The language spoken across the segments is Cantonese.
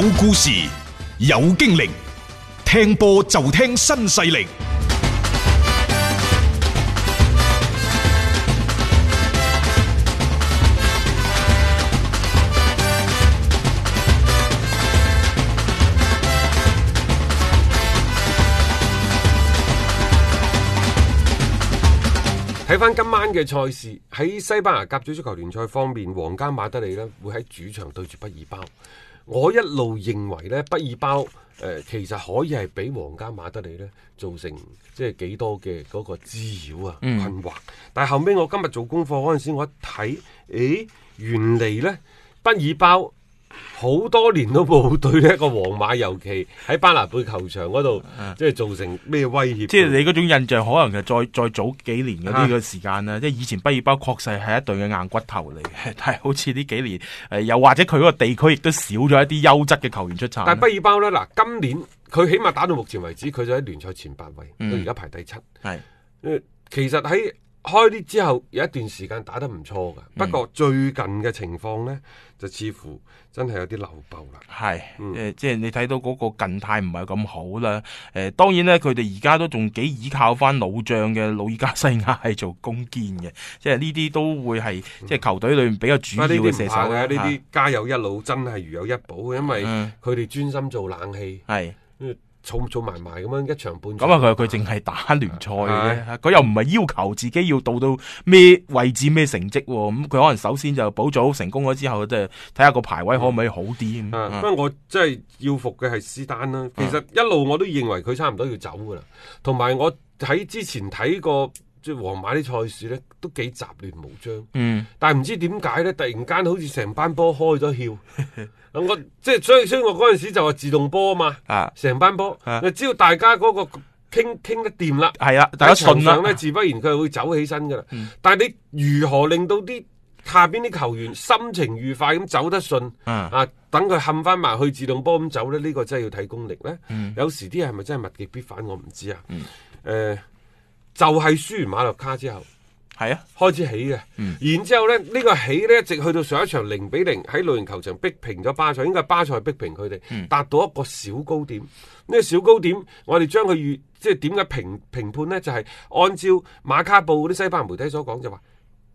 有故事，有經歷，聽波就聽新勢力。睇翻今晚嘅賽事，喺西班牙甲組足球聯賽方面，皇家馬德里呢會喺主場對住畢爾包。我一路認為呢，畢爾包誒、呃、其實可以係俾皇家馬德里呢造成即係幾多嘅嗰個滋擾啊、困惑。嗯、但係後尾我今日做功課嗰陣時，我一睇，誒，原嚟呢，畢爾包。好多年都冇對呢一個皇馬，尤其喺班拿貝球場嗰度，即係造成咩威脅，啊？即係你嗰種印象，可能係再再早幾年嗰啲嘅時間啦。即係、啊、以前畢爾包確實係一隊嘅硬骨頭嚟嘅，但係好似呢幾年，誒、呃，又或者佢嗰個地區亦都少咗一啲優質嘅球員出產。但係畢爾包咧，嗱，今年佢起碼打到目前為止，佢就喺聯賽前八位，嗯、到而家排第七。係是、呃，其實喺。開啲之後有一段時間打得唔錯嘅，嗯、不過最近嘅情況咧就似乎真係有啲漏步啦。係是，誒、嗯呃，即係你睇到嗰個近態唔係咁好啦。誒、呃，當然咧，佢哋而家都仲幾倚靠翻老將嘅老爾加西亞係做攻堅嘅，即係呢啲都會係、嗯、即係球隊裏面比較主要嘅射手呢啲唔怕嘅，呢啲、嗯啊、家有一老真係如有一寶，因為佢哋專心做冷氣。係、嗯。嗯嗯做做埋埋咁樣一場半咁啊！佢佢淨係打聯賽嘅，佢的又唔係要求自己要到到咩位置咩成績喎、啊。咁、嗯、佢可能首先就保組成功咗之後，即係睇下個排位可唔可以好啲咁。不過我真係要服嘅係斯丹啦。的其實一路我都認為佢差唔多要走㗎喇。同埋我喺之前睇過即係、就是、皇馬啲賽事咧。都幾雜亂無章，嗯，但係唔知點解咧？突然間好似成班波開咗竅，嗯、我即係所以所以我嗰陣時就話自動波啊嘛，啊，成班波，啊，只要大家嗰個傾傾得掂啦，係啊，大家順啦，呢啊、自不然佢會走起身噶啦。嗯、但係你如何令到啲下邊啲球員心情愉快咁走得順，啊，啊，等佢冚翻埋去自動波咁走咧？呢、呢個真係要睇功力咧、嗯嗯。有時啲人係咪真係物極必反？我唔知啊。誒、嗯，就係、是、輸完馬洛卡之後。之後之後係啊，開始起嘅，嗯、然之後咧呢、這個起咧一直去到上一場零比零喺露營球場逼平咗巴塞，應該係巴塞逼平佢哋，嗯、達到一個小高點。呢、這個小高點，我哋將佢預即係點解評評判咧，就係、是、按照馬卡報嗰啲西班牙媒體所講就話，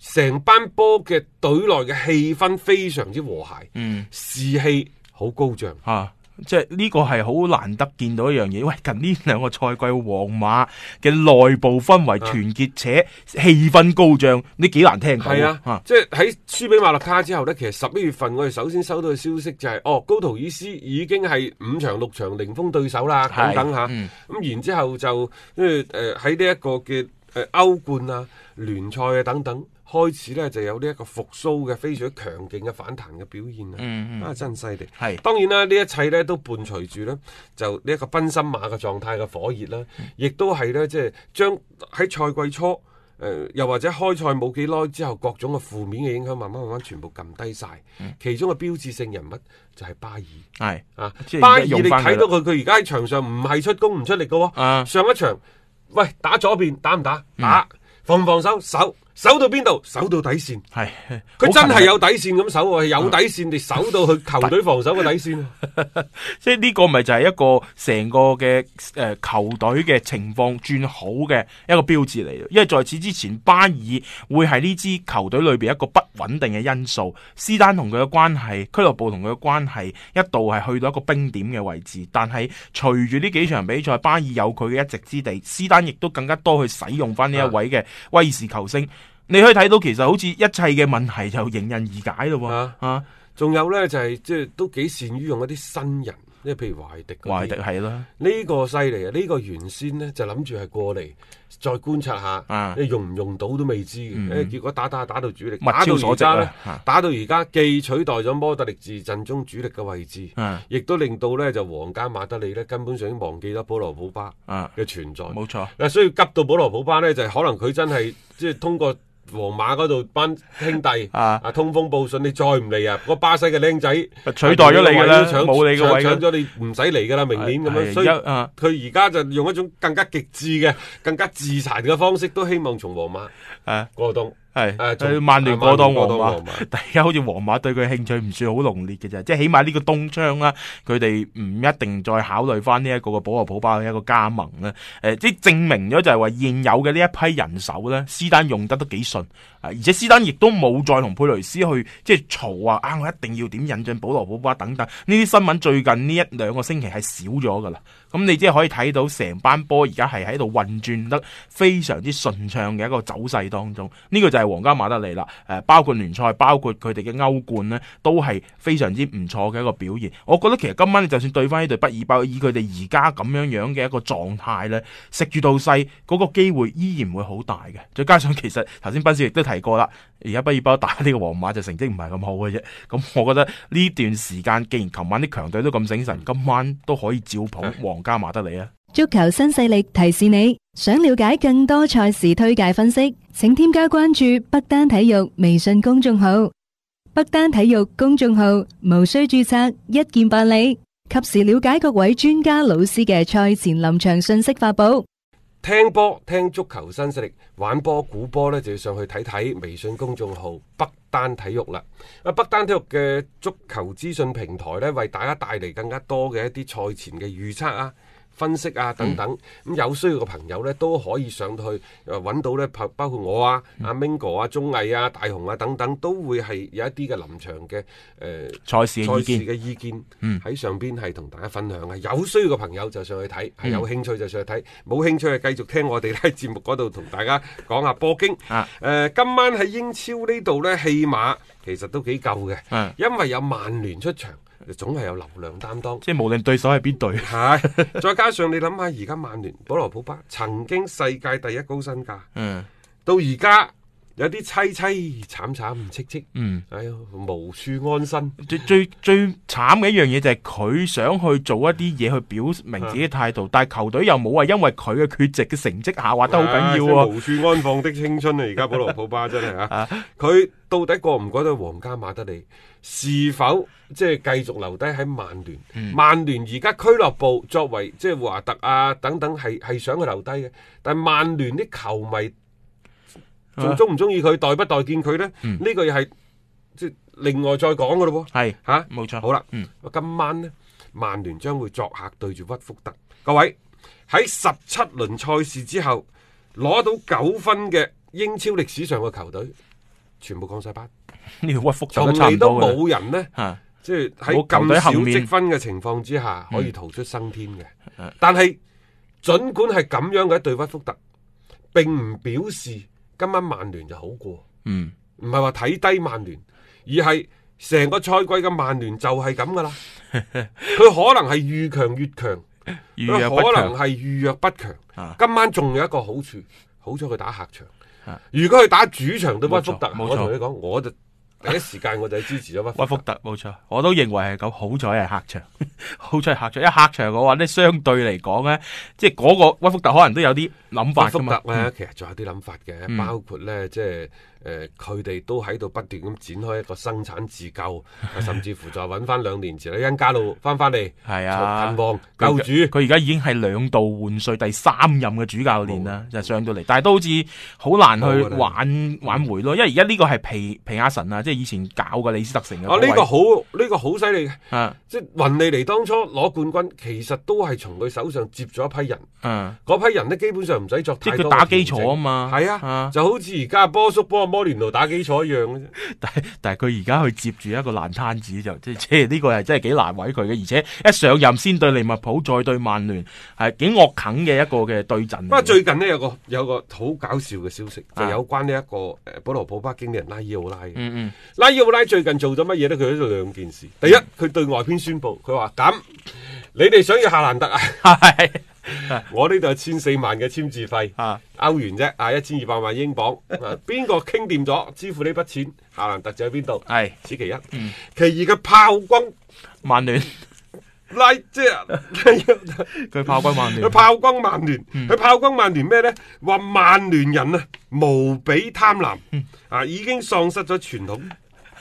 成班波嘅隊內嘅氣氛非常之和諧，嗯、士氣好高漲。啊即係呢個係好難得見到一樣嘢，喂！近呢兩個賽季，皇馬嘅內部氛圍團結且氣、啊、氛高漲，你幾難聽。係啊，啊即係喺輸俾馬勒卡之後呢，其實十一月份我哋首先收到嘅消息就係、是，哦，高圖爾斯已經係五場六場零封對手啦，是等等吓。咁、嗯、然之後就，誒誒喺呢一個嘅誒、呃、歐冠啊、聯賽啊，聯賽啊等等。開始咧就有呢一個復甦嘅非常強勁嘅反彈嘅表現啊！啊、嗯嗯，真犀利！係是當然啦，呢一切咧都伴隨住咧就呢一個賓斯馬嘅狀態嘅火熱啦，亦、嗯、都係咧即係將喺賽季初誒、呃，又或者開賽冇幾耐之後，各種嘅負面嘅影響慢慢慢慢全部撳低晒。嗯、其中嘅標誌性人物就係巴爾係是啊！即是 巴爾你睇到佢佢而家喺場上唔係出工唔出力嘅喎、哦，啊、上一場喂打左邊打唔打打防唔防守守。手守到邊度？守到底線，係佢真係有底線咁守啊！有底線，你守到去球隊防守嘅底線。即係呢個咪就係一個成個嘅誒、呃、球隊嘅情況轉好嘅一個標誌嚟。因為在此之前，巴爾會係呢支球隊裏邊一個不穩定嘅因素。斯丹同佢嘅關係，俱樂部同佢嘅關係一度係去到一個冰點嘅位置。但係隨住呢幾場比賽，巴爾有佢嘅一席之地，斯丹亦都更加多去使用翻呢一位嘅威爾士球星。你可以睇到，其實好似一切嘅問題就迎刃而解咯。仲有呢，就係即係都幾善於用一啲新人，即係譬如話懷迪。懷迪係啦。呢個犀利啊！呢個原先呢，就諗住係過嚟再觀察下，用唔用到都未知嘅。結果打打打到主力，打到而家，打到而家既取代咗摩德力治陣中主力嘅位置，亦都令到呢就皇家馬德里呢，根本上已經忘記咗保羅普巴嘅存在。冇錯。但係需急到保羅普巴呢，就係可能佢真係即係通過。皇馬嗰度班兄弟啊，通風報信，你再唔嚟啊？個巴西嘅僆仔取代咗你嘅啦，冇你個位嘅啦，搶咗搶搶你唔使嚟噶啦，哎、明年咁樣，哎、所以佢而家就用一種更加極致嘅、更加自殘嘅方式，都希望從皇馬啊過冬。係，曼聯過當皇馬，大家好似皇馬對佢興趣唔算好濃烈嘅啫，即係起碼呢個東窗啦，佢哋唔一定再考慮翻呢一個個保羅普巴嘅一個加盟啦。誒，即係證明咗就係話現有嘅呢一批人手咧，斯丹用得都幾順，啊，而且斯丹亦都冇再同佩雷斯去即係嘈話啊，我一定要點引進保羅普巴等等呢啲新聞，最近呢一兩個星期係少咗噶啦。咁你即係可以睇到成班波而家係喺度運轉得非常之順暢嘅一個走勢當中，呢個就係。係皇家馬德里啦，誒、呃，包括聯賽，包括佢哋嘅歐冠呢，都係非常之唔錯嘅一個表現。我覺得其實今晚就算對翻呢隊畢爾包，以佢哋而家咁樣樣嘅一個狀態呢，食住到細，嗰、那個機會依然會好大嘅。再加上其實頭先斌少亦都提過啦，而家畢爾包打呢個皇馬就成績唔係咁好嘅啫。咁我覺得呢段時間既然琴晚啲強隊都咁醒神，今晚都可以照捧皇家馬德里啊。足球新勢力提示你想了解更多賽事推介分析，請添加關注北單體育微信公眾號。北單體育公眾號無需注冊，一鍵辦理，及時了解各位專家老師嘅賽前臨場信息發布。聽波聽足球新勢力，玩波估波呢，就要上去睇睇微信公眾號北單體育啦。啊，北單體育嘅足球資訊平台呢，為大家帶嚟更加多嘅一啲賽前嘅預測啊！分析啊，等等，咁、嗯嗯、有需要嘅朋友咧都可以上去，誒揾到咧，包包括我啊、阿 Mingo、嗯、啊、鍾毅啊、啊、大雄啊等等，都會係有一啲嘅臨場嘅誒、呃、賽事賽事嘅意見喺、嗯、上邊係同大家分享嘅。有需要嘅朋友就上去睇，係、嗯、有興趣就上去睇，冇興趣就繼續聽我哋喺節目嗰度同大家講下波經。誒、啊呃，今晚喺英超呢度咧，戲碼其實都幾夠嘅，因為有曼聯出場。就總係有流量擔當，即係無論對手係邊隊，係 再加上你諗下，而家曼聯保羅普巴曾經世界第一高身價，嗯，到而家。有啲淒淒慘慘唔戚戚，嗯，哎呀，無處安身。最最最慘嘅一樣嘢就係佢想去做一啲嘢去表明自己態度，啊、但係球隊又冇話因為佢嘅缺席嘅成績下滑得好緊要啊！啊無處安放的青春啊！而家保羅普巴真係啊，佢、啊、到底過唔過到皇家馬德里？是否即係繼續留低喺曼聯？曼聯而家俱樂部作為即係華特啊等等，係係想佢留低嘅，但係曼聯啲球迷。仲中唔中意佢，待不待見佢咧？呢、嗯、個又係即係另外再講噶咯喎。係吓是，冇、啊、錯。好啦了，嗯、今晚咧，曼聯將會作客對住屈福特。各位喺十七輪賽事之後攞到九分嘅英超歷史上嘅球隊，全部降晒班。呢個屈福特，從嚟都冇人咧，即係喺咁少積分嘅情況之下，嗯、可以逃出生天嘅。但係盡管係咁樣嘅一對屈福特，並唔表示。今晚曼聯就好過，嗯，唔係話睇低曼聯，而係成個賽季嘅曼聯就係咁噶啦。佢 可能係遇強越強，可能係遇弱不強。不強啊、今晚仲有一個好處，好彩佢打客場。啊、如果佢打主場對不，不？錯錯，冇錯。我同你講，錯我就。第一時間我哋係支持咗屈屈福特，冇錯，我都認為係咁。好彩係客場，好彩係客場。一客場嘅話，咧相對嚟講咧，即係嗰個屈福特可能都有啲諗法。屈福特咧、啊，嗯、其實仲有啲諗法嘅，包括咧，嗯、即係。誒佢哋都喺度不斷咁展開一個生產自救， 甚至乎就揾翻兩年前咧，恩加路翻翻嚟，係啊，滕王救主，佢而家已經係兩度換帥，第三任嘅主教練啦，沒就上到嚟，但係都好似好難去挽挽的回咯，因為而家呢個係皮皮亞臣啊，即係以前搞過李斯特城啊，呢、這個好呢、這個好犀利嘅，啊、即係雲利尼當初攞冠軍，其實都係從佢手上接咗一批人，嗰、啊啊、批人呢，基本上唔使作太多調整，即佢打基礎啊嘛，係啊，啊啊就好似而家波叔波。摩連奴打基礎一樣，但係但係佢而家去接住一個爛攤子，就即係呢個係真係幾難為佢嘅，而且一上任先對利物浦，再對曼聯，係幾惡啃嘅一個嘅對陣。不過最近呢，有個有個好搞笑嘅消息，啊、就有關呢、這、一個誒，保羅普巴經理人拉伊奧拉。嗯嗯，拉伊奧拉最近做咗乜嘢咧？佢喺度兩件事，第一佢對外邊宣布，佢話噉你哋想要夏蘭德。啊。 我呢度係千四萬嘅簽字費，歐元啫，啊，一千二百萬英鎊，邊個傾掂咗支付呢筆錢？夏蘭特就喺邊度？係，此其一。嗯，其二嘅炮轟曼聯，拉即係佢炮轟曼聯，佢 炮轟曼聯，佢 炮轟曼聯咩咧？話曼聯人啊無比貪婪，啊已經喪失咗傳統，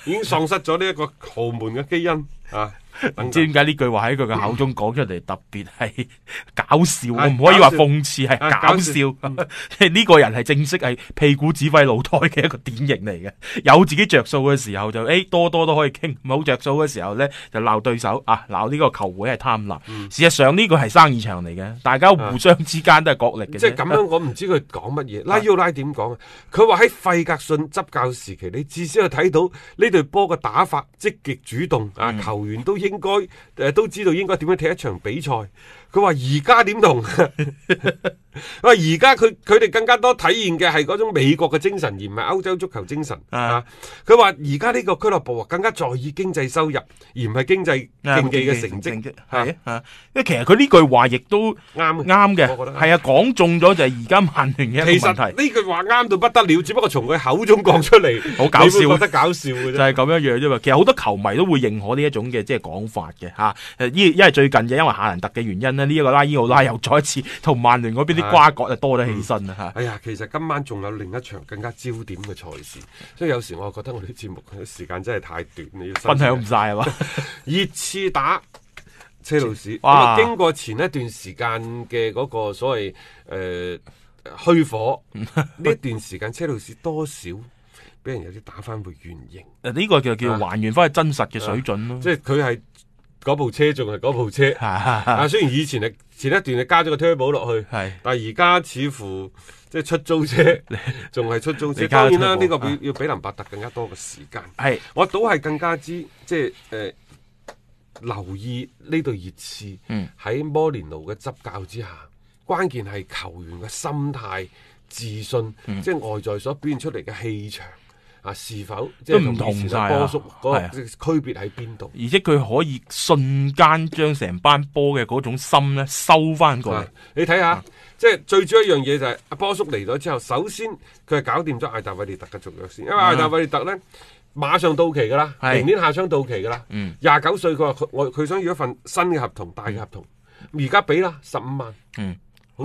已經喪失咗呢一個豪門嘅基因啊。唔知點解呢句話喺佢嘅口中講出嚟特別係搞笑，我唔可以話諷刺係搞笑。呢 個人係正式係屁股指揮腦袋嘅一個典型嚟嘅，有自己着數嘅時候就誒多多都可以傾，冇着數嘅時候咧就鬧對手啊，鬧呢個球會係貪婪。嗯、事實上呢個係生意場嚟嘅，大家互相之間都係角力嘅，啊。即係咁樣我，我唔知佢講乜嘢。拉烏拉點講啊？佢話喺費格遜執教時期，你至少要睇到呢隊波嘅打法積極主動啊，球員都應。嗯嗯嗯應該誒、呃、都知道應該點樣踢一場比賽，佢話而家點同？ 喂，而家佢佢哋更加多體現嘅係嗰種美國嘅精神，而唔係歐洲足球精神。啊，佢話而家呢個俱樂部更加在意經濟收入，而唔係經濟競技嘅成績。嚇嚇，因為其實佢呢句話亦都啱啱嘅，係啊，講中咗就係而家曼聯嘅問題。呢句話啱到不得了，只不過從佢口中講出嚟，好 搞笑，會會覺得搞笑嘅啫， 就係咁樣樣啫嘛。其實好多球迷都會認可呢一種嘅即係講法嘅嚇。依、就、一、係啊、最近因為夏蘭特嘅原因咧，呢、這、一個拉伊奧拉又再一次同曼聯嗰邊。瓜葛就多得起身啦，吓、呃嗯！哎呀，其實今晚仲有另一場更加焦點嘅賽事，所以有時我覺得我哋啲節目時間真係太短，你要分享唔晒，係嘛？ 熱刺打車路士，哇嘩！經過前一段時間嘅嗰個所謂誒、呃、虛火，呢 段時間車路士多少俾人有啲打翻回原形。誒、呃，呢個就叫還原翻去真實嘅水準咯。即係佢係。嗰部車仲係嗰部車，啊，啊雖然以前啊前一段啊加咗個 turbo 落去，是但係而家似乎即係、就是、出租車仲係出租車，當然啦呢、啊、個要要比林伯特更加多嘅時間。係是我都係更加之即係誒留意呢度熱刺，喺、嗯、摩連奴嘅執教之下，關鍵係球員嘅心態、自信，即係、嗯、外在所表現出嚟嘅氣場。啊！是否即係都唔同曬啊？係啊，波叔個區別喺邊度？而且佢可以瞬間將成班波嘅嗰種心咧收翻過嚟。你睇下，啊、即係最主要一樣嘢就係阿波叔嚟咗之後，首先佢係搞掂咗艾達維列特嘅續約先，因為艾達維列特咧馬上到期㗎啦，明、嗯、年，年夏窗到期㗎啦。廿九是歲，佢話佢我佢想要一份新嘅合同，大嘅合同，而家俾啦十五萬。嗯。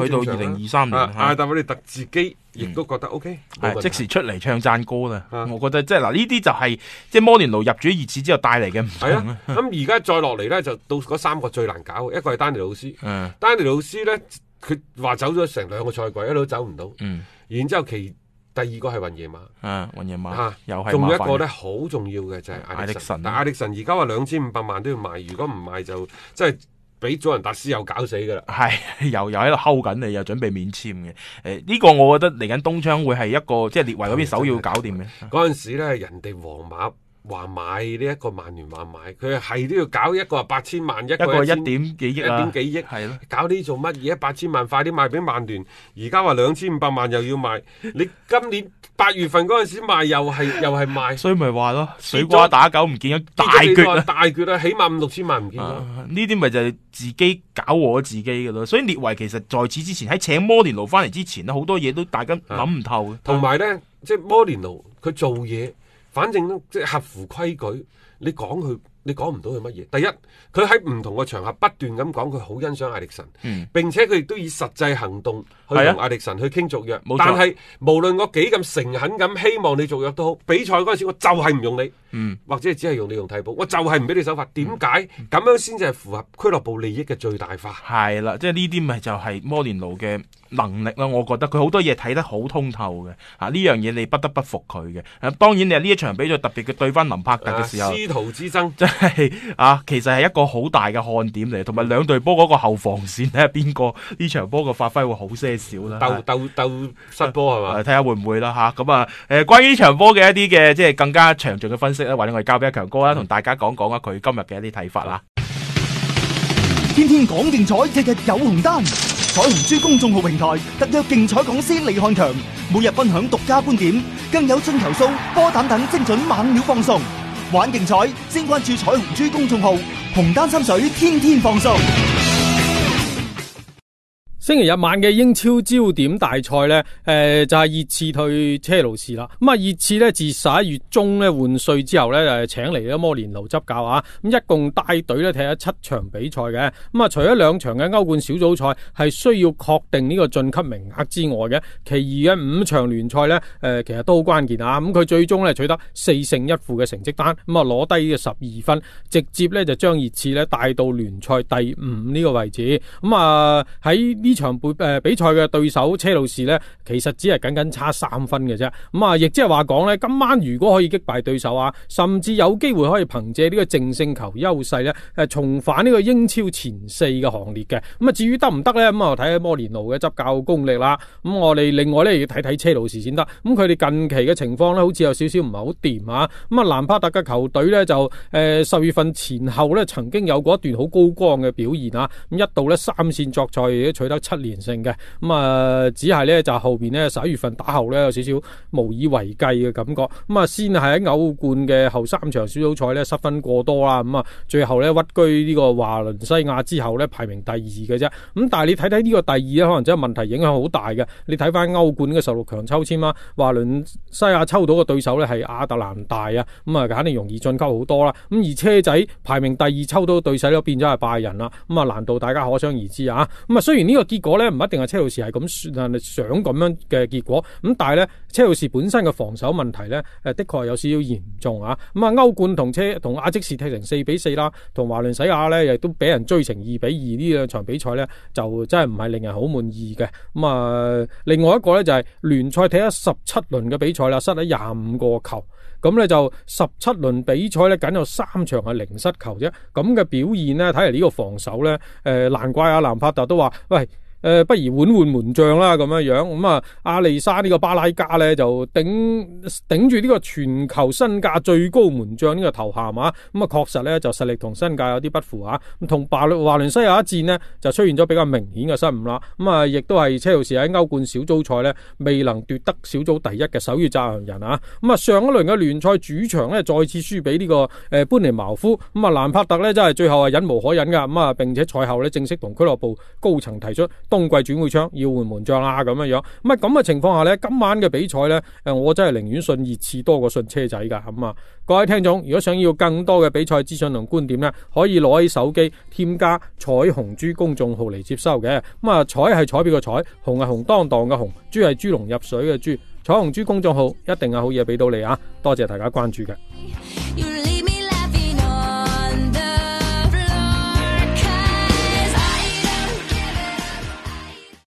去到二零二三年，但係我特自己亦都覺得 OK，即時出嚟唱讚歌啦。我覺得即係嗱，呢啲就係即係摩連奴入主熱刺之後帶嚟嘅唔同。係啊，咁而家再落嚟咧，就到嗰三個最難搞，一個係丹尼老師，丹尼老師咧，佢話走咗成兩個賽季，一路走唔到。嗯，然之後其第二個係雲夜馬，雲夜馬，仲有一個咧好重要嘅就係艾歷臣。但係艾歷臣而家話兩千五百萬都要賣，如果唔賣就即係。俾祖雲達斯又搞死噶啦，係、哎、又又喺度睺緊你，又準備免簽嘅。誒、哎，呢、這個我覺得嚟緊冬窗會係一個即係、就是、列維嗰邊首要搞掂嘅。嗰陣 時咧，人哋皇馬。話買呢一個曼聯話買，佢係都要搞一個八千萬一個一點幾億，一點幾億係咯，搞啲做乜嘢？八千萬快啲賣俾曼聯，而家話兩千五百萬又要賣。你今年八月份嗰陣時賣又係 又係賣，所以咪話咯，水瓜打狗唔見咗大決啊！大決啊，起碼五六千萬唔見咗。呢啲咪就係自己搞我自己噶咯。所以列維其實在此之前喺請摩連奴翻嚟之前好多嘢都大家諗唔透嘅。同埋咧，即係摩連奴佢做嘢。反正都即係合乎規矩，你講佢，你講唔到佢乜嘢。第一，佢喺唔同嘅場合不斷咁講，佢好欣賞艾力神，嗯、並且佢亦都以實際行動去同艾力神去傾續約。啊、但係無論我幾咁誠懇咁希望你續約都好，比賽嗰陣時我就係唔用你，嗯、或者只係用你用替補，我就係唔俾你手法。點解咁樣先至係符合俱樂部利益嘅最大化？係啦，即係呢啲咪就係摩連奴嘅。能力啦，我覺得佢好多嘢睇得好通透嘅，啊，呢樣嘢你不得不服佢嘅，啊。當然你係，呢一場比賽特別嘅對翻林柏特嘅時候，師，啊、徒之爭真係，就是，啊，其實係一個好大嘅看點嚟，同埋兩隊波嗰個後防線呢，邊個呢場波嘅發揮會好些少啦，啊？鬥鬥鬥失波係嘛？睇下會唔會啦吓。咁啊，誒，啊啊啊，關於呢場波嘅一啲嘅即係更加詳盡嘅分析咧，或者我哋交俾阿強哥啦，同，啊、大家講講啊，佢今日嘅一啲睇法啦天天天。天天講定彩，日日有紅單。天天彩虹珠公眾號平台特約競彩講師李漢強每日分享獨家觀點，更有進球數、波膽等精準猛料放送。玩競彩先關注彩虹珠公眾號，紅單心水，天天放送。星期日晚嘅英超焦點大賽呢，誒、呃、就係、是、熱刺退車路士啦。咁、嗯、啊，熱刺咧自十一月中咧換帥之後呢，就請嚟咗摩連奴執教啊。咁、嗯、一共帶隊咧踢咗七場比賽嘅。咁、嗯、啊，除咗兩場嘅歐冠小組賽係需要確定呢個晉級名額之外嘅，其餘嘅五場聯賽呢，誒、呃、其實都好關鍵啊。咁、嗯、佢最終呢，取得四勝一負嘅成績單，咁啊攞低呢個十二分，直接呢就將熱刺咧帶到聯賽第五呢個位置。咁啊喺呢。呃場誒比、呃、比賽嘅對手車路士呢，其實只係僅僅差三分嘅啫。咁、嗯、啊，亦即係話講呢，今晚如果可以擊敗對手啊，甚至有機會可以憑借呢個淨勝球優勢呢，誒、啊、重返呢個英超前四嘅行列嘅。咁、嗯、啊，至於得唔得呢？咁、嗯、我睇下摩連奴嘅執教功力啦。咁、啊嗯、我哋另外呢，要睇睇車路士先得。咁佢哋近期嘅情況呢，好似有少少唔係好掂啊。咁、嗯、啊，蘭帕特嘅球隊呢，就誒十、呃、月份前後呢曾經有過一段好高光嘅表現啊。咁、嗯、一度呢，三線作賽取得。七連勝嘅，咁、嗯、啊、呃，只係咧就後邊咧十一月份打後咧有少少無以為繼嘅感覺，咁、嗯、啊，先係喺歐冠嘅後三場小組賽咧失分過多啦，咁、嗯、啊，最後咧屈居呢個華倫西亞之後咧排名第二嘅啫，咁、嗯、但係你睇睇呢個第二咧，可能真係問題影響好大嘅，你睇翻歐冠嘅十六強抽籤啦，華倫西亞抽到嘅對手咧係亞特蘭大啊，咁、嗯、啊肯定容易晉級好多啦，咁、嗯、而車仔排名第二抽到嘅對手咧變咗係拜仁啦，咁、嗯、啊難度大家可想而知啊，咁、嗯、啊雖然呢、這個結果咧唔一定係車路士係咁算，係想咁樣嘅結果。咁但係咧，車路士本身嘅防守問題咧，誒的確係有少少嚴重啊。咁啊，歐冠同車同阿積士踢成四比四啦，同華倫西亞咧亦都俾人追成二比二，呢兩場比賽咧，就真係唔係令人好滿意嘅。咁啊，另外一個咧就係聯賽踢咗十七輪嘅比賽啦，失咗廿五個球。咁咧就十七輪比賽咧僅有三場係零失球啫。咁嘅表現呢，睇嚟呢個防守咧，誒難怪阿蘭帕特都話：，喂！誒，不如換換門將啦，咁樣樣，咁啊，阿里沙呢個巴拉加呢，就頂頂住呢個全球身價最高門將呢個頭銜啊，咁啊確實呢，就實力同身價有啲不符啊，咁同巴聯華倫西亞一戰呢，就出現咗比較明顯嘅失誤啦，咁啊亦都係車路士喺歐冠小組賽呢未能奪得小組第一嘅首要責任人啊，咁啊上一輪嘅聯賽主場呢，再次輸俾呢個誒班尼茅夫，咁啊蘭帕特呢，真係最後係忍無可忍噶，咁啊並且賽後呢，正式同俱樂部高層提出。冬季轉會窗要換門將啦，咁樣樣，咁啊咁嘅情況下呢，今晚嘅比賽呢，誒，我真係寧願信熱刺多過信車仔噶咁啊。各位聽眾，如果想要更多嘅比賽資訊同觀點呢，可以攞起手機添加彩虹豬公眾號嚟接收嘅。咁、嗯、啊彩係彩票嘅彩，紅係紅當當嘅紅，豬係豬籠入水嘅豬，彩虹豬公眾號一定係好嘢俾到你啊！多謝大家關注嘅。